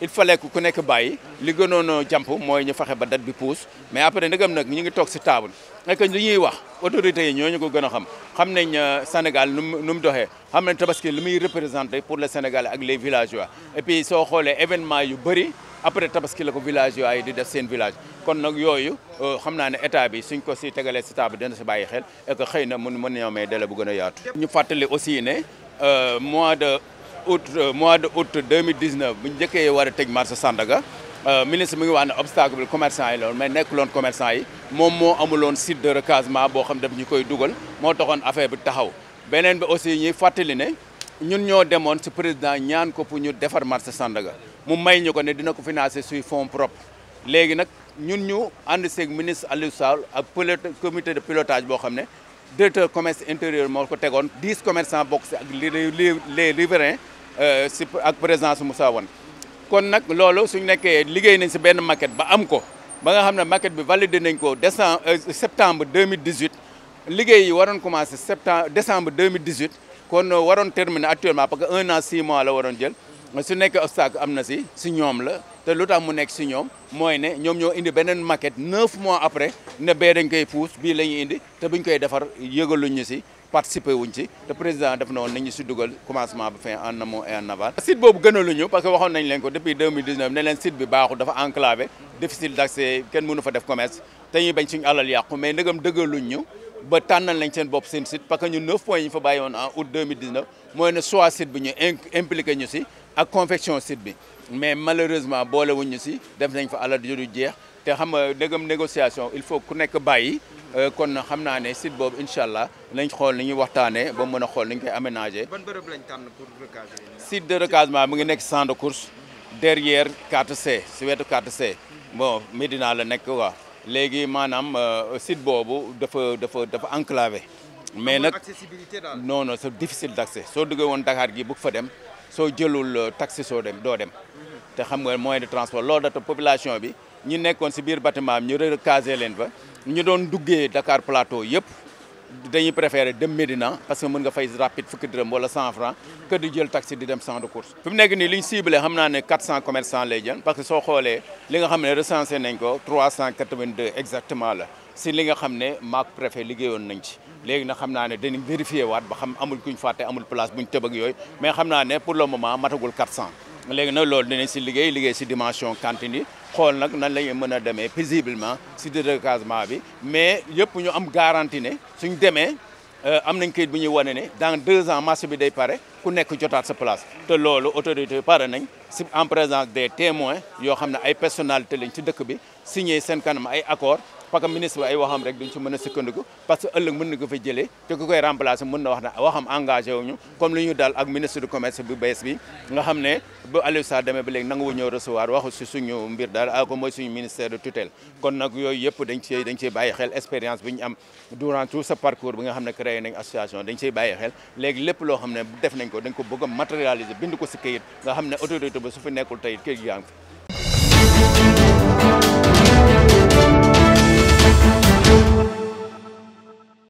il fallait que ku nekk bàyyi li gënoon pousse mais après ndegam avons ñu ngi table dit wax autorités yi ñooñu ko euh, Sénégal nous représenté pour le Sénégal les villageois et puis ont événement yu bari après tabaski villageois village kon dit euh, xam état table et que Nous avons aussi ne euh, août euh, mois de août 2019 bu njëkkee war a tëj marché Sandaga euh, ministre mi ngi wax ne obstacle commerçant yi loolu mais nekk loon commerçant yi moom moo amuloon site de recasement boo xam daf ñu koy dugal moo taxoon affaire bi taxaw beneen bi aussi ñuy fàttali ne ñun ñoo demoon si président ñaan ko pour ñu defar marché Sandaga mu may ñu ko ne dina ko financer suy fonds propre léegi nag ñun ñu ànd seeg ministre Aliou Sall ak comité de pilotage boo xam ne directeur commerce intérieur moo ko 10 commerçants box si les riverains euh ak présence Moussa Wane kon nak lolo suñu nekké liggéey nañ ci ben maquette ba am ko ba nga xamné maquette bi validé nañ ko décembre euh, septembre 2018 liggéey yi waroon commencé septembre décembre 2018 kon waroon terminer actuellement parce que 1 an 6 mois la waroon jël suñu nekkee obstacle amna ci si ñom la te lu tax mu nekk si ñoom mooy ne ñoom ñoo indi beneen maquette 9 mois après ne bee dañ koy puus bii la ñuy indi te buñ koy defar yëgaluñ ñu participer wuñ ci te président def na woon nañu si dugal commencement ba fin en amont et en aval. site boobu gënaluñu parce que waxoon nañ leen ko depuis 2019 ne leen site bi baaxul dafa enclavé difficile d'accès kenn mënu fa def commerce te ñuy bañ suñu alal yàqu mais ndegam dëggaluñ ñu ba tanal lañ seen bop seen site parce que ñu 9 points yi ñu fa bàyyi woon en août 2019 moy ne soit site bi ñu impliqué ñu ci ak confection site bi mais malheureusement boolewuñ ñu si def nañ fa alal du jeex té xam nga dëggam négociation il faut ku nek bayyi euh kon xam naa ne site bob inshallah allah nañ xool ni ñuy waxtaanee ba mëna xol xool ni ñu koy aménager. ban bërëb lañ tànn pour recaser. site de recasement mu ngi nek centre de course derrière 4C ci wetu 4C. bon medina la nek waaw légui manam euh, site bobu dafa dafa dafa enclavé mais nag non non c'est difficile d'accès so duggee won Dakar gi bëgg fa dem so jëlul euh, taxi so dem do dem mhm. té xam nga moyen de transport lo data population bi ñi nekkon ci bir bâtiment ñu recaser len ba ñu don duggee Dakar Plateau yépp dañuy préférer dem Medina parce que mën nga fay rapide fukki dërëm wala 100 francs que di jël taxi di dem champ de course. fim mu ni liñ li ñu ciblé xam naa 400 commerçants lay jël parce que so xolé li nga xamné ne recensé nañ ko 382 exactement la si li nga xamné ne préfet liggéeyoon nañ ci. légui na xamna né ne vérifier wat ba xam amul kuñ faté amul place buñ teub ak yoy mais xamna né pour le moment matagul 400. Nous avons loolu dinañ si liggéey liggéey dimension continue. Nous nan si mais nous ñu am garantie Si demain, nous am dans deux ans marché bi day ku place te loolu autorité en présence des témoins yoo xam ay personnalité signé un accord parce que ministre bi ay waxam rek duñ ci mën a sukkandiku parce que ëllëg mën na ko fa te ku koy remplacer mën na wax na waxam engagé wuñu comme li ñu dal ak ministre du commerce bu bees bi nga xam ne ba Aliou Sarr demee ba léegi nanguwu ñëw recevoir waxu si suñu mbir daal ako mooy suñu ministère de tutelle kon nag yooyu yëpp dañ ciy dañ ciy bàyyi xel expérience bi ñu am durant tout ce parcours bi nga xam ne créé nañ association dañ ciy bàyyi xel léegi lépp loo xam ne def nañ ko dañ ko bëgg a bind ko si këyit nga xam ne autorité ba su fi nekkul tey këyit